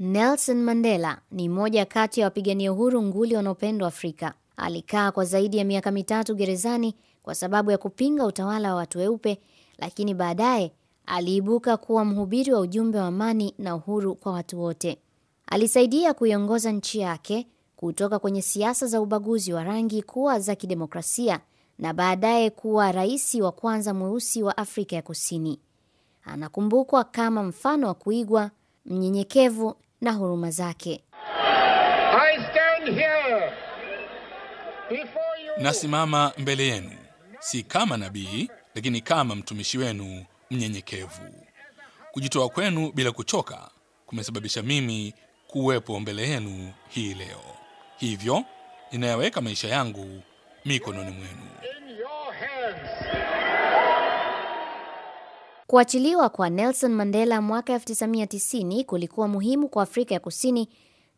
Nelson Mandela ni mmoja kati ya wapigania uhuru nguli wanaopendwa Afrika. Alikaa kwa zaidi ya miaka mitatu gerezani kwa sababu ya kupinga utawala wa watu weupe, lakini baadaye aliibuka kuwa mhubiri wa ujumbe wa amani na uhuru kwa watu wote. Alisaidia kuiongoza nchi yake kutoka kwenye siasa za ubaguzi wa rangi kuwa za kidemokrasia na baadaye kuwa rais wa kwanza mweusi wa Afrika ya Kusini. Anakumbukwa kama mfano wa kuigwa, mnyenyekevu na huruma zake. Nasimama mbele yenu si kama nabii, lakini kama mtumishi wenu mnyenyekevu. Kujitoa kwenu bila kuchoka kumesababisha mimi kuwepo mbele yenu hii leo, hivyo ninayaweka maisha yangu mikononi mwenu. Kuachiliwa kwa Nelson Mandela mwaka 1990 kulikuwa muhimu kwa Afrika ya Kusini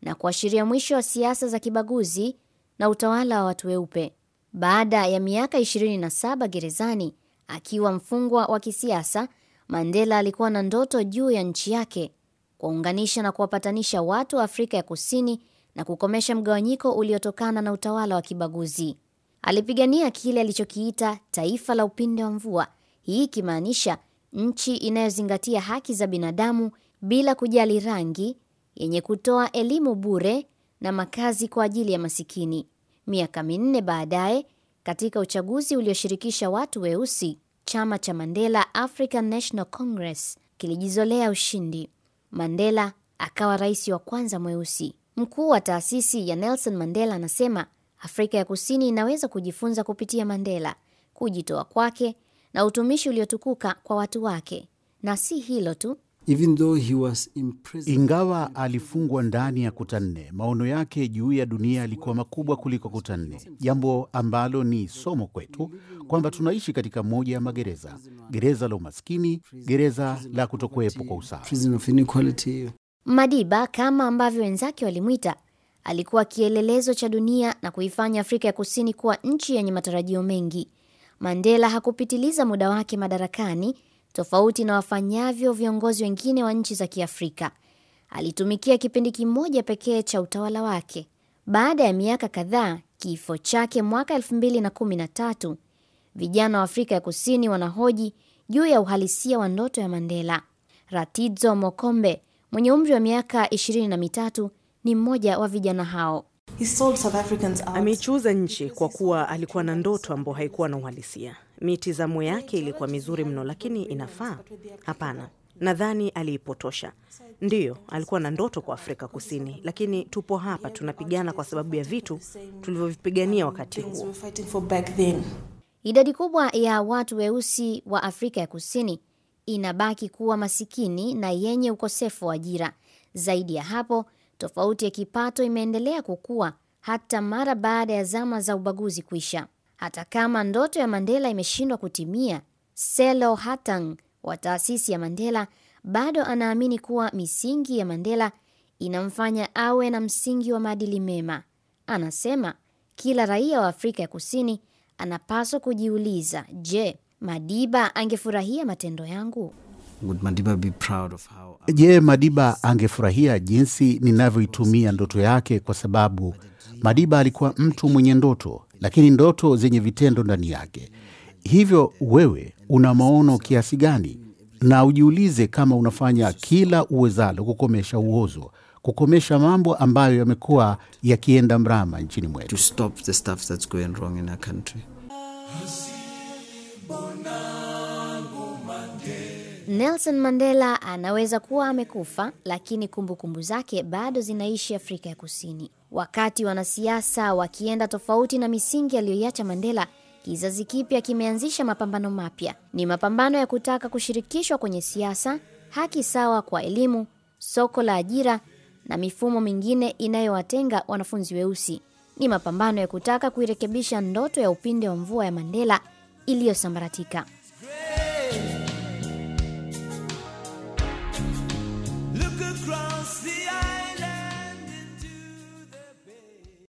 na kuashiria mwisho wa siasa za kibaguzi na utawala wa watu weupe. Baada ya miaka 27 gerezani akiwa mfungwa wa kisiasa, Mandela alikuwa na ndoto juu ya nchi yake, kuwaunganisha na kuwapatanisha watu wa Afrika ya Kusini na kukomesha mgawanyiko uliotokana na utawala wa kibaguzi. Alipigania kile alichokiita taifa la upinde wa mvua, hii ikimaanisha nchi inayozingatia haki za binadamu bila kujali rangi, yenye kutoa elimu bure na makazi kwa ajili ya masikini. Miaka minne baadaye, katika uchaguzi ulioshirikisha watu weusi, chama cha Mandela African National Congress kilijizolea ushindi. Mandela akawa rais wa kwanza mweusi. Mkuu wa taasisi ya Nelson Mandela anasema Afrika ya Kusini inaweza kujifunza kupitia Mandela, kujitoa kwake na utumishi uliotukuka kwa watu wake. Na si hilo tu, ingawa alifungwa ndani ya kuta nne, maono yake juu ya dunia yalikuwa makubwa kuliko kuta nne, jambo ambalo ni somo kwetu kwamba tunaishi katika moja ya magereza, gereza la umaskini, gereza la kutokuwepo kwa usawa. Madiba, kama ambavyo wenzake walimwita, alikuwa kielelezo cha dunia na kuifanya Afrika ya Kusini kuwa nchi yenye matarajio mengi. Mandela hakupitiliza muda wake madarakani tofauti na wafanyavyo viongozi wengine wa nchi za Kiafrika. Alitumikia kipindi kimoja pekee cha utawala wake. Baada ya miaka kadhaa, kifo chake mwaka 2013, vijana wa Afrika ya Kusini wanahoji juu ya uhalisia wa ndoto ya Mandela. Ratidzo Mokombe mwenye umri wa miaka 23 ni mmoja wa vijana hao. Ameichuza nchi kwa kuwa alikuwa na ndoto ambayo haikuwa na uhalisia. Mitizamo yake ilikuwa mizuri mno, lakini inafaa? Hapana, nadhani aliipotosha. Ndiyo, alikuwa na ndoto kwa Afrika Kusini, lakini tupo hapa tunapigana kwa sababu ya vitu tulivyovipigania wakati huo. Idadi kubwa ya watu weusi wa Afrika ya Kusini inabaki kuwa masikini na yenye ukosefu wa ajira. Zaidi ya hapo Tofauti ya kipato imeendelea kukua hata mara baada ya zama za ubaguzi kuisha. Hata kama ndoto ya Mandela imeshindwa kutimia, Selo Hatang wa taasisi ya Mandela bado anaamini kuwa misingi ya Mandela inamfanya awe na msingi wa maadili mema. Anasema kila raia wa Afrika ya Kusini anapaswa kujiuliza, je, Madiba angefurahia matendo yangu? Je, Madiba angefurahia jinsi ninavyoitumia ndoto yake? Kwa sababu Madiba alikuwa mtu mwenye ndoto, lakini ndoto zenye vitendo ndani yake. Hivyo wewe una maono kiasi gani? Na ujiulize kama unafanya kila uwezalo kukomesha uozo, kukomesha mambo ambayo yamekuwa yakienda mrama nchini mwetu. Nelson Mandela anaweza kuwa amekufa, lakini kumbukumbu kumbu zake bado zinaishi Afrika ya Kusini. Wakati wanasiasa wakienda tofauti na misingi aliyoiacha Mandela, kizazi kipya kimeanzisha mapambano mapya. Ni mapambano ya kutaka kushirikishwa kwenye siasa, haki sawa kwa elimu, soko la ajira na mifumo mingine inayowatenga wanafunzi weusi. Ni mapambano ya kutaka kuirekebisha ndoto ya upinde wa mvua ya Mandela iliyosambaratika.